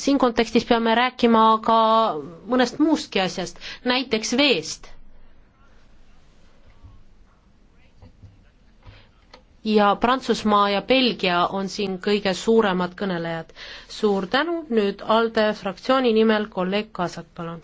siin kontekstis peame rääkima ka mõnest muustki asjast, näiteks veest. ja Prantsusmaa ja Belgia on siin kõige suuremad kõnelejad. suur tänu, nüüd ALDE fraktsiooni nimel kolleeg Kaasak, palun